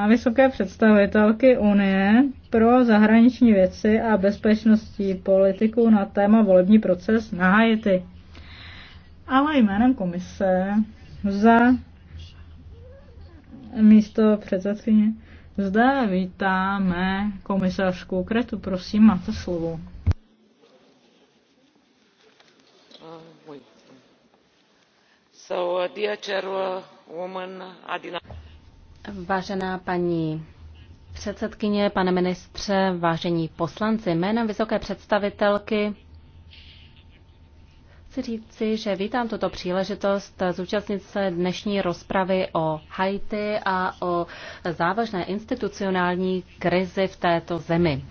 a vysoké představitelky Unie pro zahraniční věci a bezpečnostní politiku na téma volební proces na Haiti. Ale jménem komise za místo předsedkyně zde vítáme komisařku Kretu. Prosím, máte slovo. Ah, so, uh, dear chairwoman Adina. Vážená paní předsedkyně, pane ministře, vážení poslanci, jménem vysoké představitelky chci říci, že vítám tuto příležitost zúčastnit se dnešní rozpravy o Haiti a o závažné institucionální krizi v této zemi.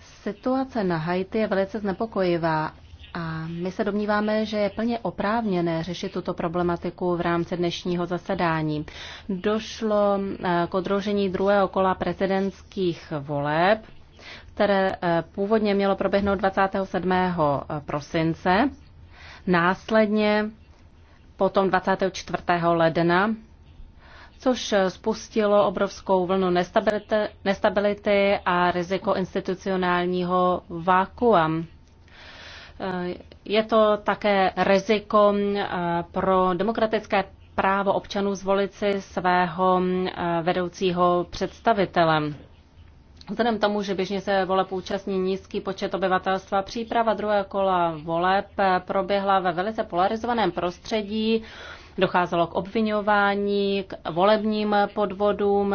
Situace na Haiti je velice znepokojivá a my se domníváme, že je plně oprávněné řešit tuto problematiku v rámci dnešního zasedání. Došlo eh, k odrožení druhého kola prezidentských voleb, které eh, původně mělo proběhnout 27. Eh, prosince, následně potom 24. ledna což spustilo obrovskou vlnu nestability a riziko institucionálního vákua. Je to také riziko eh, pro demokratické právo občanů zvolit si svého eh, vedoucího představitele. Vzhledem tomu, že běžně se voleb účastní nízký počet obyvatelstva, příprava druhého kola voleb eh, proběhla ve velice polarizovaném prostředí. Docházelo k obvinování, k volebním podvodům,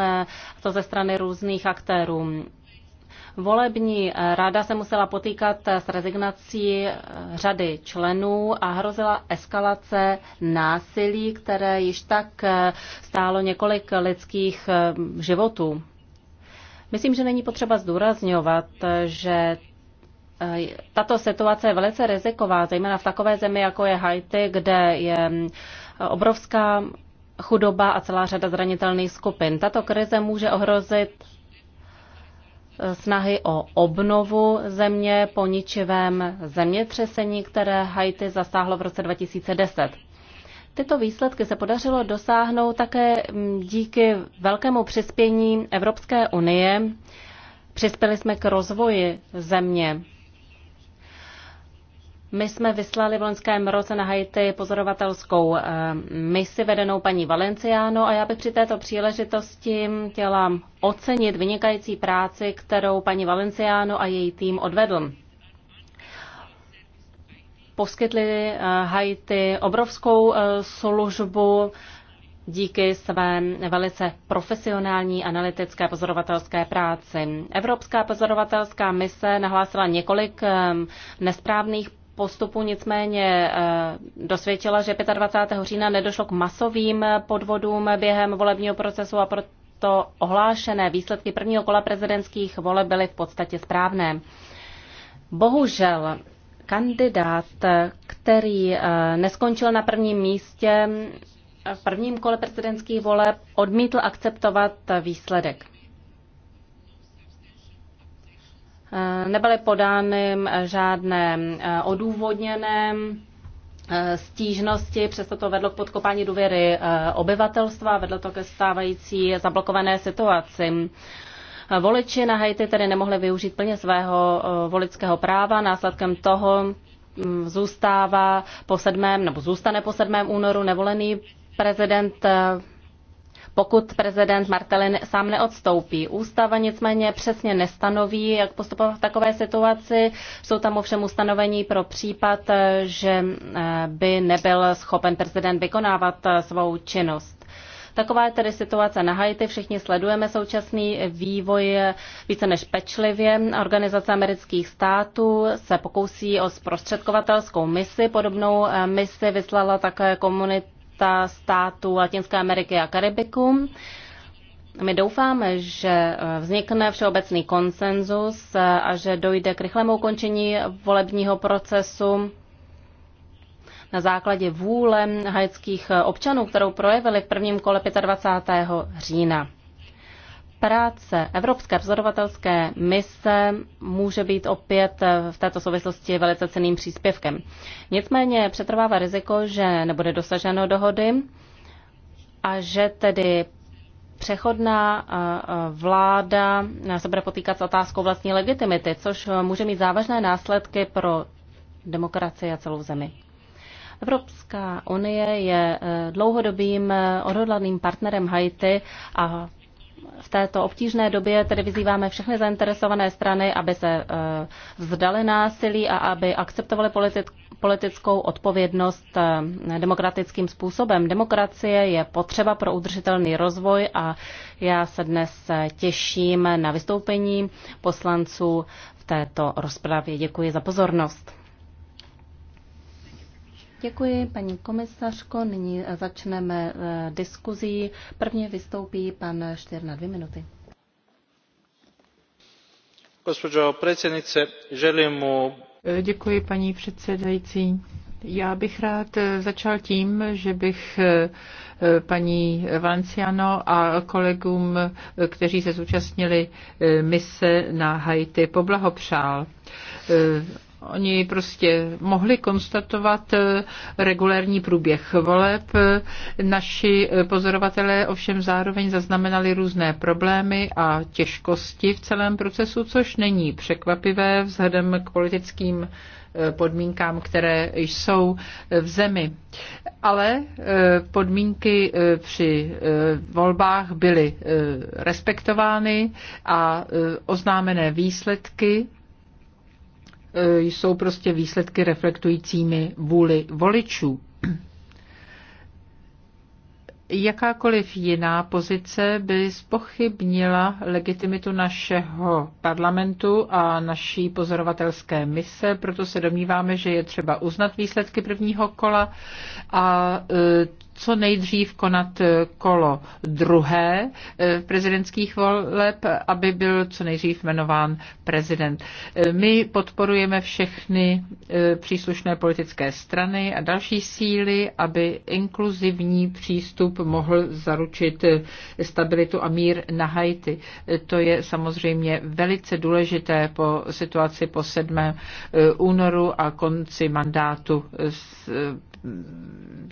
to ze strany různých aktérů. Volební eh, rada se musela potýkat eh, s rezignací eh, řady členů a hrozila eskalace násilí, které již tak stálo několik lidských životů. Myslím, že není potřeba zdůrazňovat, že tato situace je velice riziková, zejména v takové zemi, jako je Haiti, kde je mm, obrovská chudoba a celá řada zranitelných skupin. Tato krize může ohrozit snahy o obnovu země po ničivém zemětřesení, které Haiti zasáhlo v roce 2010. Tyto výsledky se podařilo dosáhnout také mm, díky velkému přispění Evropské unie. Přispěli jsme k rozvoji země. My jsme vyslali v loňském roce na Haiti pozorovatelskou eh, misi vedenou paní Valenciano a já bych při této příležitosti chtěla ocenit vynikající práci, kterou paní Valenciano a její tým odvedl. Poskytli eh, Haiti obrovskou eh, službu díky své velice profesionální analytické pozorovatelské práci. Evropská pozorovatelská mise nahlásila několik nesprávných postupu, nicméně eh, dosvědčila, že 25. října nedošlo k masovým podvodům během volebního procesu a proto ohlášené výsledky prvního kola prezidentských voleb byly v podstatě správné. Bohužel kandidát, který eh, neskončil na prvním místě v prvním kole prezidentských voleb, odmítl akceptovat výsledek. nebyly podány žádné e, odůvodněné e, stížnosti, přesto to vedlo k podkopání důvěry e, obyvatelstva, vedlo to ke stávající zablokované situaci. Voliči na Haiti tedy nemohli využít plně svého volického práva, následkem toho zůstává po sedmém, nebo zůstane po 7. únoru nevolený prezident pokud prezident Martelin sám neodstoupí. Ústava nicméně přesně nestanoví, jak postupovat v takové situaci. Jsou tam ovšem ustanovení pro případ, že eh, by nebyl schopen prezident vykonávat eh, svou činnost. Taková je tedy situace na Haiti. Všichni sledujeme současný vývoj více než pečlivě. Organizace amerických států se pokusí o zprostředkovatelskou misi. Podobnou eh, misi vyslala také komunita starosta států Latinské Ameriky a Karibiku. My doufáme, že eh, vznikne všeobecný konsenzus eh, a že dojde k rychlému ukončení volebního procesu na základě vůle haitských eh, občanů, kterou projevili v prvním kole 25. října práce Evropské pozorovatelské mise může být opět v této souvislosti velice ceným příspěvkem. Nicméně přetrvává riziko, že nebude dosaženo dohody a že tedy přechodná eh, eh, vláda se bude potýkat s otázkou vlastní legitimity, což může mít závažné následky pro demokracii a celou zemi. Evropská unie je eh, dlouhodobým odhodlaným partnerem Haiti a v této obtížné době tedy vyzýváme všechny zainteresované strany, aby se eh, vzdali násilí a aby akceptovali politickou odpovědnost eh, demokratickým způsobem. Demokracie je potřeba pro udržitelný rozvoj a já se dnes eh, těším na vystoupení poslanců v této rozpravě. Děkuji za pozornost. Děkuji, paní komisařko. Nyní eh, začneme eh, diskuzí. Prvně vystoupí pan Štěr na dvě minuty. Eh, děkuji, paní předsedající. Já bych rád začal tím, že bych paní Valenciano a kolegům, kteří se zúčastnili mise na Haiti, poblahopřál. Oni prostě mohli konstatovat eh, regulérní průběh voleb. Naši pozorovatelé ovšem zároveň zaznamenali různé problémy a těžkosti v celém procesu, což není překvapivé vzhledem k politickým eh, podmínkám, které jsou eh, v zemi. Ale podmínky při volbách byly respektovány a oznámené výsledky E, jsou prostě výsledky reflektujícími vůli voličů. Jakákoliv jiná pozice by spochybnila legitimitu našeho parlamentu a naší pozorovatelské mise, proto se domníváme, že je třeba uznat výsledky prvního kola a e, co nejdřív konat eh, kolo druhé eh, prezidentských voleb, aby byl co nejdřív jmenován prezident. Eh, my podporujeme všechny příslušné politické strany a další síly, aby inkluzivní přístup mohl zaručit stabilitu a mír na Haiti. To je samozřejmě velice důležité po situaci po 7. únoru a konci mandátu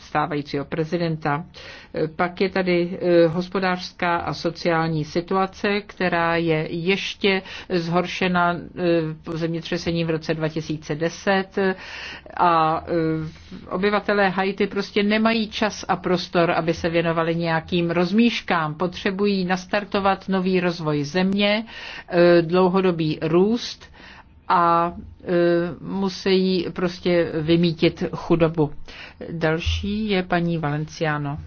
stávajícího prezidenta. Pak je tady eh, hospodářská a sociální situace, která je ještě zhoršena po eh, zemětřesení v roce 2010 a eh, obyvatelé Haiti prostě nemají čas a prostor, aby se věnovali nějakým rozmíškám. Potřebují nastartovat nový rozvoj země, dlouhodobý růst a e, musí prostě vymítit chudobu. Další je paní Valenciano.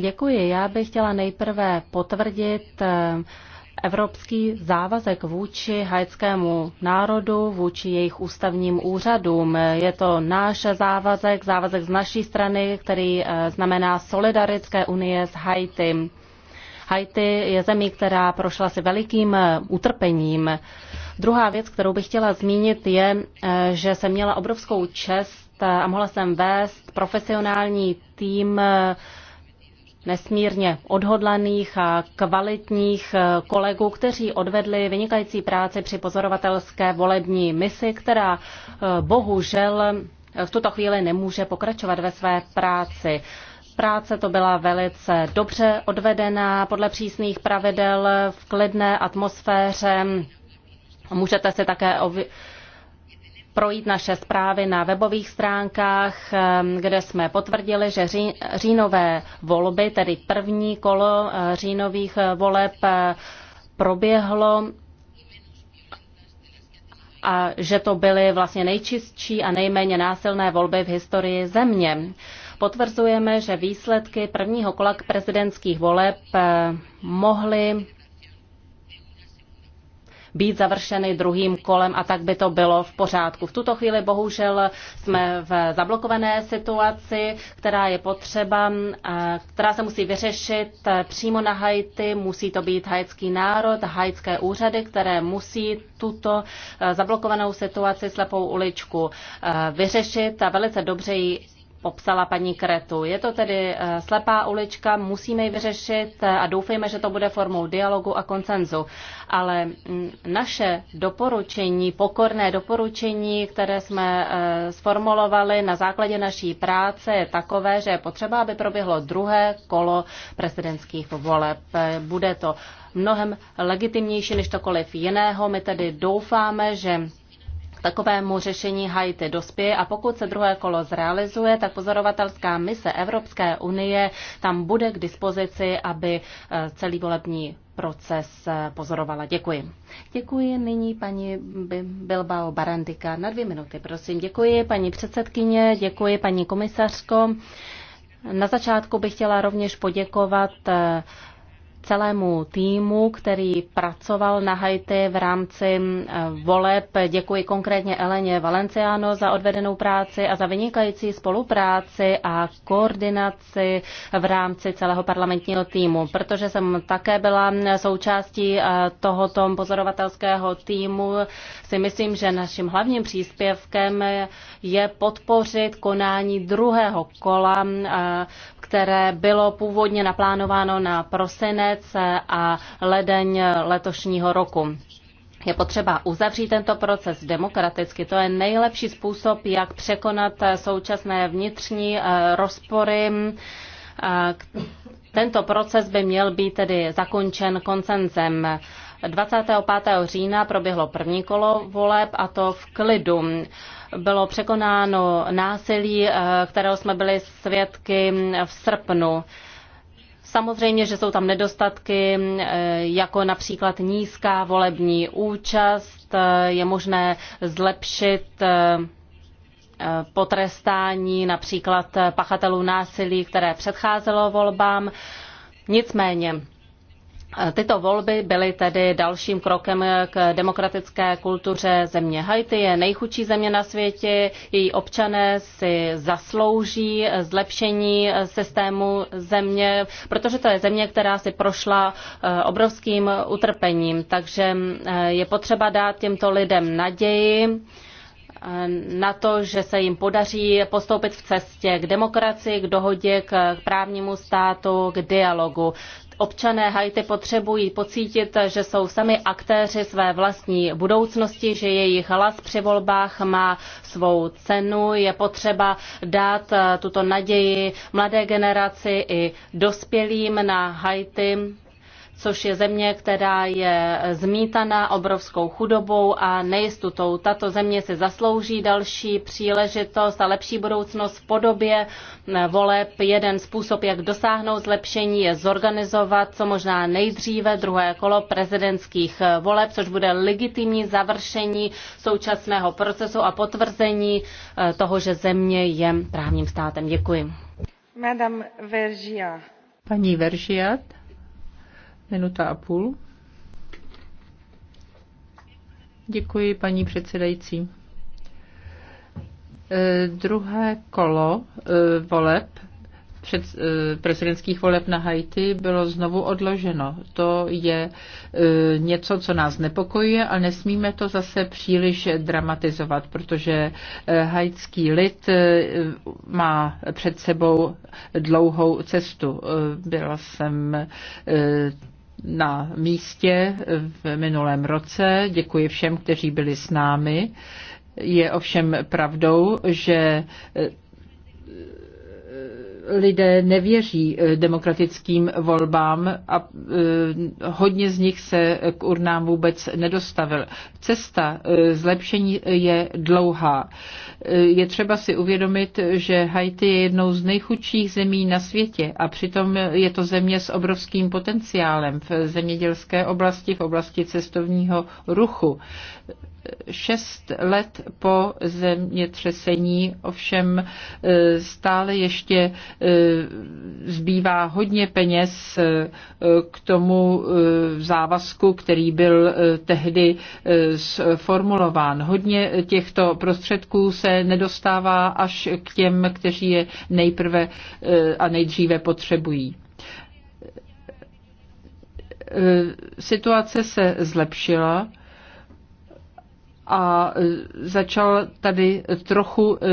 Děkuji. Já bych chtěla nejprve potvrdit e, evropský závazek vůči haitskému národu, vůči jejich ústavním úřadům. Je to náš závazek, závazek z naší strany, který e, znamená solidarické unie s Haiti. Haiti je zemí, která prošla si velikým eh, utrpením. Druhá věc, kterou bych chtěla zmínit, je, eh, že jsem měla obrovskou čest eh, a mohla jsem vést profesionální tým nesmírně odhodlaných a kvalitních kolegů, kteří odvedli vynikající práci při pozorovatelské volební misi, která bohužel v tuto chvíli nemůže pokračovat ve své práci. Práce to byla velice dobře odvedená podle přísných pravidel v klidné atmosféře. Můžete si také projít naše zprávy na webových stránkách, kde jsme potvrdili, že říjnové volby, tedy první kolo eh, říjnových eh, voleb, eh, proběhlo a že to byly vlastně nejčistší a nejméně násilné volby v historii země potvrzujeme, že výsledky prvního kola k prezidentských voleb eh, mohly být završeny druhým kolem a tak by to bylo v pořádku. V tuto chvíli bohužel jsme v zablokované situaci, která je potřeba, eh, která se musí vyřešit eh, přímo na Haiti. Musí to být haitský národ, haitské úřady, které musí tuto zablokovanou situaci slepou uličku vyřešit a velice dobře ji popsala paní Kretu. Je to tedy eh, slepá ulička, musíme ji vyřešit eh, a doufejme, že to bude formou dialogu a koncenzu. Ale mm, naše doporučení, pokorné doporučení, které jsme eh, sformulovali na základě naší práce, je takové, že je potřeba, aby proběhlo druhé kolo prezidentských voleb. Bude to mnohem legitimnější než cokoliv jiného. My tedy doufáme, že takovému řešení Haiti dospěje a pokud se druhé kolo zrealizuje, tak pozorovatelská mise Evropské unie tam bude k dispozici, aby eh, celý volební proces eh, pozorovala. Děkuji. Děkuji nyní paní Bilbao Barandika na dvě minuty, prosím. Děkuji paní předsedkyně, děkuji paní komisařko. Na začátku bych chtěla rovněž poděkovat eh, celému týmu, který pracoval na Haiti v rámci eh, voleb. Děkuji konkrétně Eleně Valenciano za odvedenou práci a za vynikající spolupráci a koordinaci v rámci celého parlamentního týmu, protože jsem také byla součástí eh, tohoto pozorovatelského týmu. Si myslím, že naším hlavním příspěvkem je podpořit konání druhého kola eh, které bylo původně naplánováno na prosinec a ledeň letošního roku. Je potřeba uzavřít tento proces demokraticky. To je nejlepší způsob, jak překonat současné vnitřní eh, rozpory. Tento proces by měl být tedy zakončen koncenzem. 25. října proběhlo první kolo voleb a to v klidu bylo překonáno násilí, eh, kterého jsme byli svědky v srpnu. Samozřejmě, že jsou tam nedostatky, eh, jako například nízká volební účast, eh, je možné zlepšit potrestání například pachatelů násilí, které předcházelo volbám. Nicméně Tyto volby byly tedy dalším krokem k demokratické kultuře země. Haiti je nejchudší země na světě, její občané si zaslouží zlepšení systému země, protože to je země, která si prošla eh, obrovským utrpením. Takže eh, je potřeba dát těmto lidem naději eh, na to, že se jim podaří postoupit v cestě k demokracii, k dohodě, k právnímu státu, k dialogu. Občané Haiti potřebují pocítit, že jsou sami aktéři své vlastní budoucnosti, že jejich hlas při volbách má svou cenu. Je potřeba dát eh, tuto naději mladé generaci i dospělým na Haiti což je země, která je zmítaná obrovskou chudobou a nejistotou. Tato země se zaslouží další příležitost a lepší budoucnost v podobě voleb. Jeden způsob, jak dosáhnout zlepšení, je zorganizovat co možná nejdříve druhé kolo prezidentských voleb, což bude legitimní završení současného procesu a potvrzení eh, toho, že země je právním státem. Děkuji. Madame Vergia. Paní Veržiat. Minuta a půl. Děkuji, paní předsedající. Eh, druhé kolo eh, voleb před, eh, prezidentských voleb na Haiti bylo znovu odloženo. To je něco, co nás nepokojuje, ale nesmíme to zase příliš dramatizovat, protože haitský lid má před sebou dlouhou cestu. Byla jsem na místě v minulém roce. Děkuji všem, kteří byli s námi. Je ovšem pravdou, že lidé nevěří eh, demokratickým volbám a eh, hodně z nich se k urnám vůbec nedostavil. Cesta eh, zlepšení je dlouhá. Je třeba si uvědomit, že Haiti je jednou z nejchudších zemí na světě a přitom je to země s obrovským potenciálem v zemědělské oblasti, v oblasti cestovního ruchu šest let po zemětřesení ovšem e, stále ještě e, zbývá hodně peněz e, k tomu závazku, který byl tehdy sformulován. Hodně těchto prostředků se nedostává až k těm, kteří je nejprve a nejdříve potřebují situace se zlepšila a e, začal tady trochu e,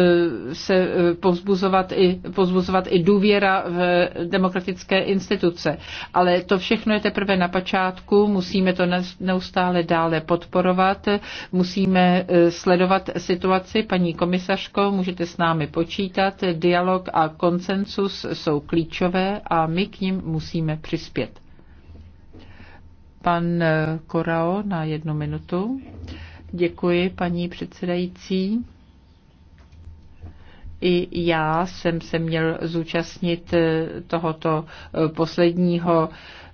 se e, povzbuzovat i, povzbuzovat i důvěra v demokratické instituce. Ale to všechno je teprve na počátku, musíme to neustále dále podporovat, musíme sledovat situaci. Paní komisařko, můžete s námi počítat, dialog a konsensus jsou klíčové a my k ním musíme přispět. Pan Korao na jednu minutu. Děkuji, paní předsedající. I já jsem se měl zúčastnit eh, tohoto eh, posledního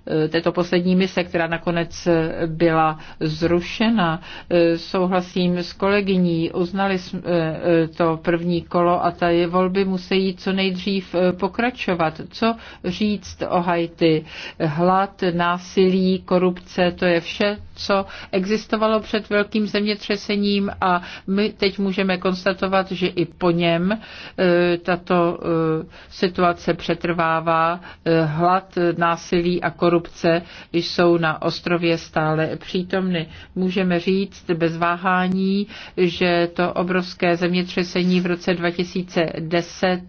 Eh, této poslední mise, která nakonec eh, byla zrušena. Eh, souhlasím s kolegyní, uznali to první kolo a ta je volby musí co nejdřív pokračovat. Co říct o Haiti? Hlad, násilí, korupce, to je vše, co existovalo před velkým zemětřesením a my teď můžeme konstatovat, že i po něm tato situace přetrvává. Hlad, násilí a korupce korupce jsou na ostrově stále přítomny. Můžeme říct bez váhání, že to obrovské zemětřesení v roce 2010,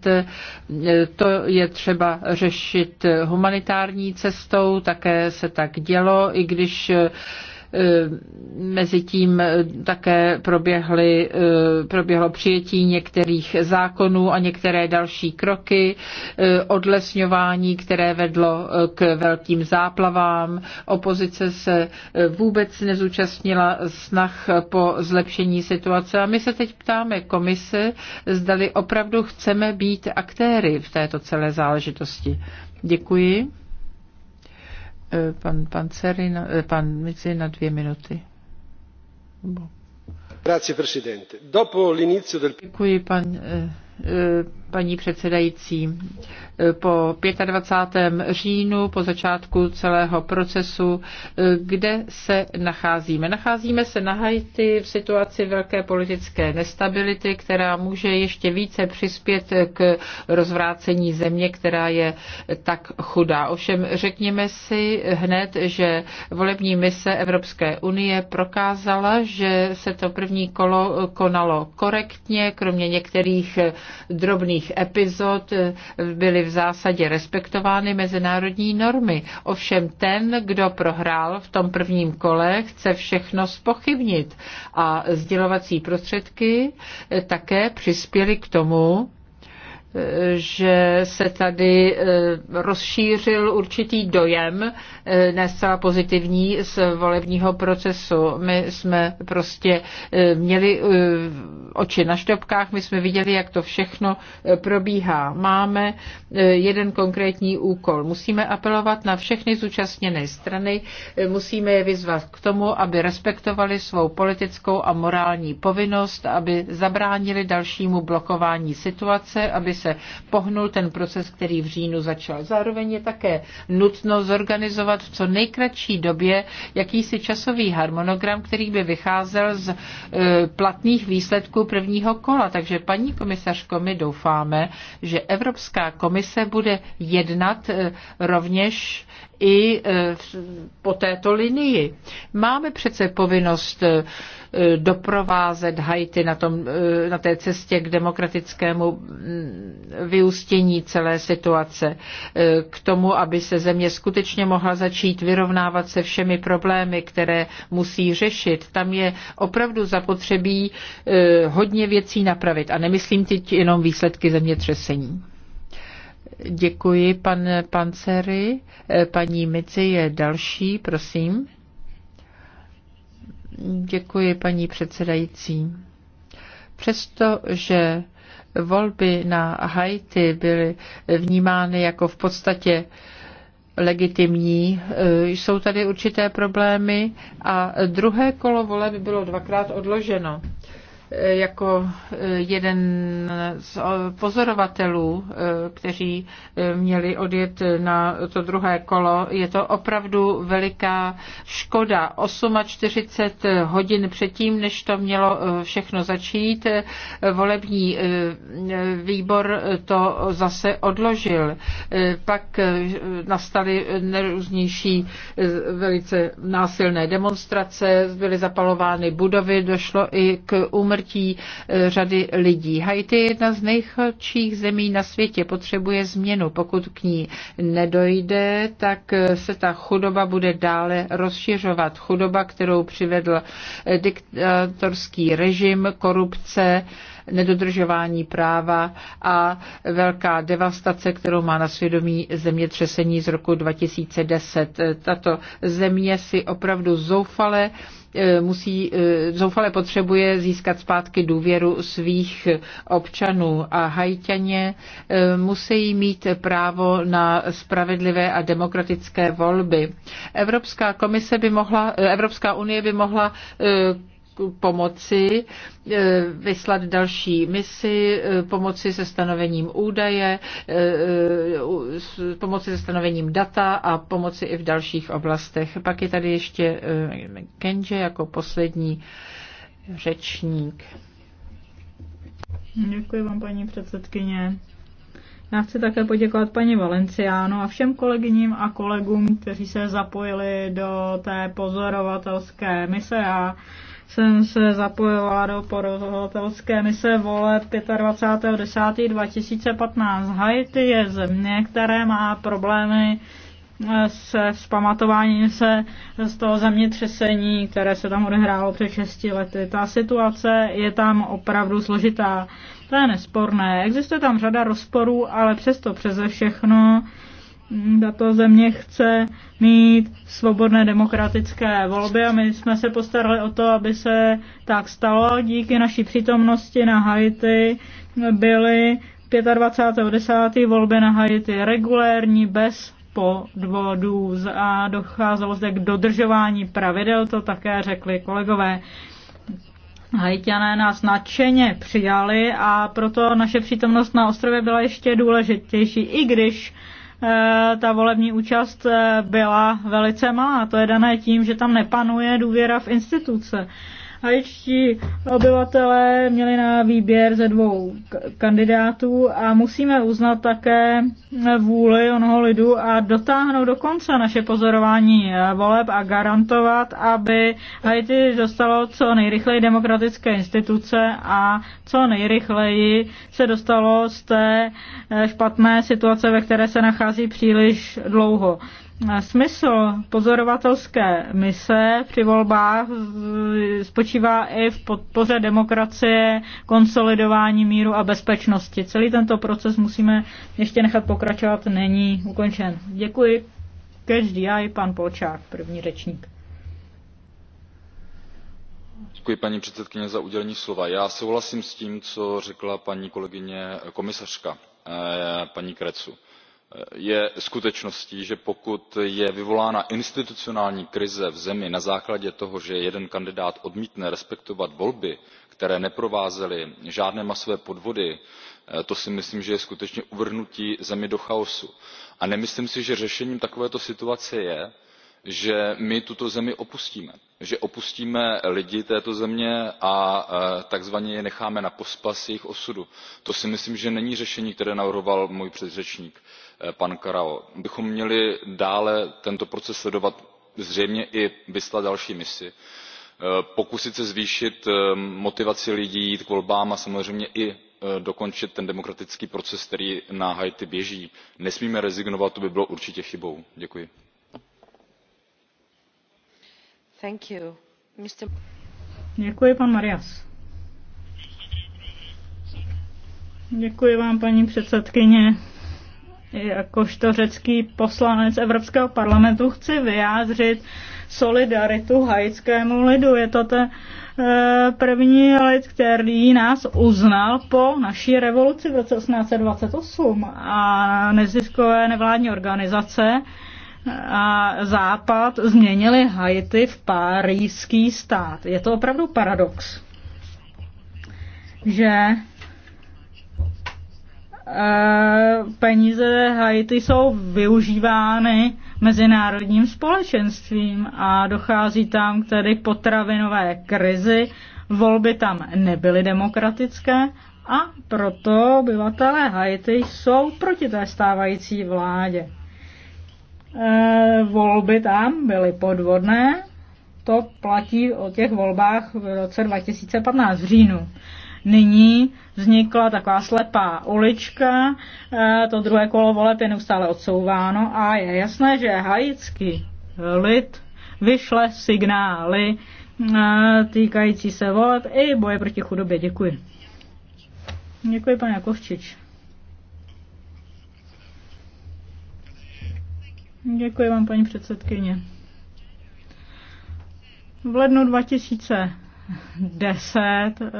to je třeba řešit humanitární cestou, také se tak dělo, i když Eh, Mezitím eh, také proběhly, eh, proběhlo přijetí některých zákonů a některé další kroky, odlesňování, které vedlo k velkým záplavám. Opozice se vůbec nezúčastnila snah po zlepšení situace a my se teď ptáme komise, zdali opravdu chceme být aktéry v této celé záležitosti. Děkuji. Eh, pan Panceri, pan, eh, pan Mici na dvě minuty. Bo. Děkuji, pan eh, Eh, paní předsedající. Eh, po 25. říjnu, po začátku celého procesu, eh, kde se nacházíme? Nacházíme se na Haiti v situaci velké politické nestability, která může ještě více přispět k rozvrácení země, která je tak chudá. Ovšem řekněme si hned, že volební mise Evropské unie prokázala, že se to první kolo konalo korektně, kromě některých drobných epizod eh, byly v zásadě respektovány mezinárodní normy. Ovšem ten, kdo prohrál v tom prvním kole, chce všechno spochybnit a sdělovací prostředky eh, také přispěly k tomu, že se tady eh, rozšířil určitý dojem, eh, ne zcela pozitivní, z volebního procesu. My jsme prostě eh, měli oči na štopkách, my jsme viděli, jak to všechno probíhá. Máme jeden konkrétní úkol. Musíme apelovat na všechny zúčastněné strany, musíme je vyzvat k tomu, aby respektovali svou politickou a morální povinnost, aby zabránili dalšímu blokování situace, aby se pohnul ten proces, který v říjnu začal. Zároveň je také nutno zorganizovat v co nejkratší době jakýsi časový harmonogram, který by vycházel z e, platných výsledků prvního kola. Takže paní komisařko, my doufáme, že Evropská komise bude jednat e, rovněž i e, po této linii. Máme přece povinnost doprovázet Haiti na, tom, na té cestě k demokratickému vyústění celé situace, e, k tomu, aby se země skutečně mohla začít vyrovnávat se všemi problémy, které musí řešit. Tam je opravdu zapotřebí e, hodně věcí napravit a nemyslím teď jenom výsledky zemětřesení. Děkuji, pan Pancery. E, paní Mici je další, prosím. Děkuji, paní předsedající. Přestože Volby na Haiti byly vnímány jako v podstatě legitimní. E, jsou tady určité problémy a druhé kolo voleb bylo dvakrát odloženo. Eh, jako eh, jeden z eh, pozorovatelů, kteří měli odjet na to druhé kolo. Je to opravdu veliká škoda. 48 hodin předtím, než to mělo všechno začít, volební výbor to zase odložil. Pak nastaly nerůznější velice násilné demonstrace, byly zapalovány budovy, došlo i k úmrtí úmrtí e, řady lidí. Haiti je jedna z nejchladších zemí na světě, potřebuje změnu. Pokud k ní nedojde, tak e, se ta chudoba bude dále rozšiřovat. Chudoba, kterou přivedl e, diktatorský režim, korupce, nedodržování práva a velká devastace, kterou má na svědomí zemětřesení z roku 2010. Tato země si opravdu zoufale eh, musí, eh, zoufale potřebuje získat zpátky důvěru svých občanů a hajťaně eh, musí mít právo na spravedlivé a demokratické volby. Evropská komise by mohla, Evropská unie by mohla pomoci eh, vyslat další misi, eh, pomoci se stanovením údaje, eh, pomoci se stanovením data a pomoci i v dalších oblastech. Pak je tady ještě Kenže jako poslední řečník. Děkuji vám, paní předsedkyně. Já chci také poděkovat paní Valenciánu a všem kolegyním a kolegům, kteří se zapojili do té pozorovatelské mise a jsem se zapojovala do porovatelské mise vole 25.10.2015. Haiti je země, které má problémy eh, se vzpamatováním se z toho zemětřesení, které se tam odehrálo před 6 lety. Ta situace je tam opravdu složitá. To je nesporné. Existuje tam řada rozporů, ale přesto přeze všechno tato země chce mít svobodné demokratické volby a my jsme se postarali o to, aby se tak stalo. Díky naší přítomnosti na Haiti byly 25.10. volby na Haiti regulérní, bez podvodů a docházelo zde k dodržování pravidel, to také řekli kolegové. Haitiané nás nadšeně přijali a proto naše přítomnost na ostrově byla ještě důležitější, i když Eh, ta volební účast eh, byla velice malá. To je dané tím, že tam nepanuje důvěra v instituce haitští obyvatelé měli na výběr ze dvou kandidátů a musíme uznat také vůli onoho lidu a dotáhnout do konce naše pozorování voleb a garantovat, aby Haiti dostalo co nejrychleji demokratické instituce a co nejrychleji se dostalo z té špatné situace, ve které se nachází příliš dlouho. Smysl pozorovatelské mise při volbách spočívá i v podpoře demokracie, konsolidování míru a bezpečnosti. Celý tento proces musíme ještě nechat pokračovat, není ukončen. Děkuji. Každý a i pan Polčák, první řečník. Děkuji, paní předsedkyně za udělení slova. já souhlasím s tím co řekla paní kolegyně komisařka eh, paní Krecu je skutečností že pokud je vyvolána institucionální krize v zemi na základě toho že jeden kandidát odmítne respektovat volby které neprovázely žádné masové podvody eh, to si myslím že je skutečně uvrhnutí země do chaosu a nemyslím si že řešením takovéto situace je že my tuto zemi opustíme že opustíme lidi této země a e, takzvaně je necháme napospas jejich osudu. to si myslím že není řešení které navrhoval můj předřečník e, pan corrao. my bychom měli dále tento proces sledovat zřejmě i vyslat další misi e, pokusit se zvýšit motivaci lidí jít k volbám a samozřejmě i dokončit ten demokratický proces který na haiti běží. nesmíme rezignovat to by bylo určitě chybou. děkuji. Thank you. Mr. Děkuji, pan Marias. Děkuji vám, paní předsedkyně. Jakožto řecký poslanec Evropského parlamentu chci vyjádřit solidaritu haitskému lidu. Je to ten eh, první lid, který nás uznal po naší revoluci v roce 1828 a neziskové nevládní organizace a Západ změnili Haiti v parížský stát. Je to opravdu paradox, že eh, peníze Haiti jsou využívány mezinárodním společenstvím a dochází tam k tedy k potravinové krizi. Volby tam nebyly demokratické a proto obyvatelé Haiti jsou proti té stávající vládě. E, volby tam byly podvodné. To platí o těch volbách v roce 2015 v říjnu. Nyní vznikla taková slepá ulička, e, to druhé kolo voleb je neustále odsouváno a je jasné, že haitský lid vyšle signály e, týkající se voleb i boje proti chudobě. Děkuji. Děkuji, pane Kovčič. Děkuji vám, paní předsedkyně. V lednu 2010 eh,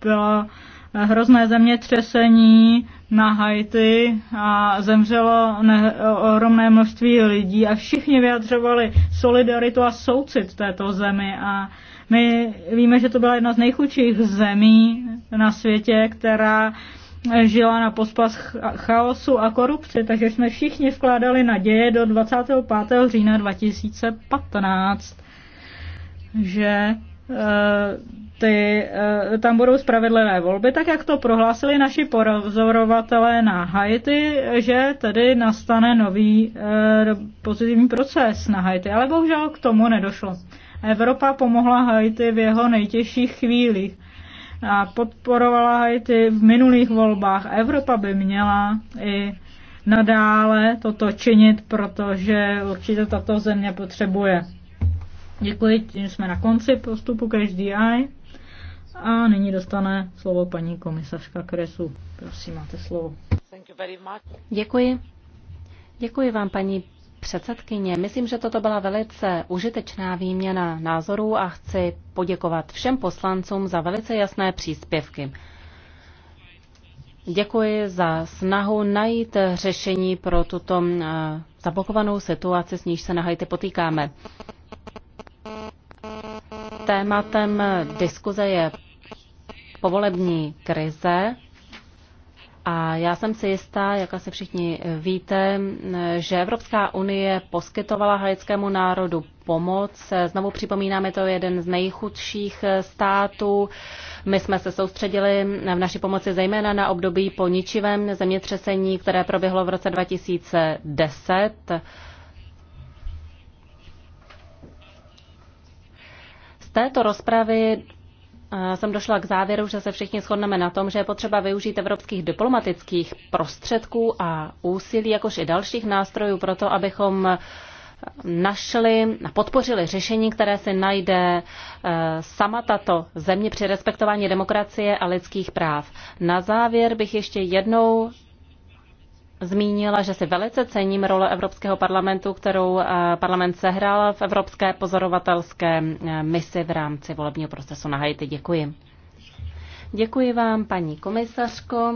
bylo hrozné zemětřesení na Haiti a zemřelo ohromné množství lidí a všichni vyjadřovali solidaritu a soucit této zemi a my víme, že to byla jedna z nejchudších zemí na světě, která žila na pospas chaosu a korupce, takže jsme všichni vkládali naděje do 25. října 2015, že eh, ty, eh, tam budou spravedlivé volby, tak jak to prohlásili naši porozorovatelé na Haiti, že tedy nastane nový eh, pozitivní proces na Haiti, ale bohužel k tomu nedošlo. Evropa pomohla Haiti v jeho nejtěžších chvílích a podporovala Haiti v minulých volbách. Evropa by měla i nadále toto činit, protože určitě tato země potřebuje. Děkuji, tím jsme na konci postupu každý aj. A nyní dostane slovo paní komisařka Kresu. Prosím, máte slovo. Děkuji. Děkuji vám, paní předsedkyně. Myslím, že toto byla velice užitečná výměna názorů a chci poděkovat všem poslancům za velice jasné příspěvky. Děkuji za snahu najít řešení pro tuto eh, zablokovanou situaci, s níž se na Haiti potýkáme. Tématem diskuze je povolební krize a já jsem si jistá, jak asi všichni víte, že Evropská unie poskytovala haitskému národu pomoc. Znovu připomínáme je to jeden z nejchudších států. My jsme se soustředili v naší pomoci zejména na období po ničivém zemětřesení, které proběhlo v roce 2010. Z této rozpravy jsem došla k závěru, že se všichni shodneme na tom, že je potřeba využít evropských diplomatických prostředků a úsilí, jakož i dalších nástrojů pro to, abychom našli a podpořili řešení, které se najde e, sama tato země při respektování demokracie a lidských práv. Na závěr bych ještě jednou zmínila, že si velice cením role Evropského parlamentu, kterou eh, parlament sehrál v Evropské pozorovatelské eh, misi v rámci volebního procesu na Haiti. Děkuji. Děkuji vám, paní komisařko.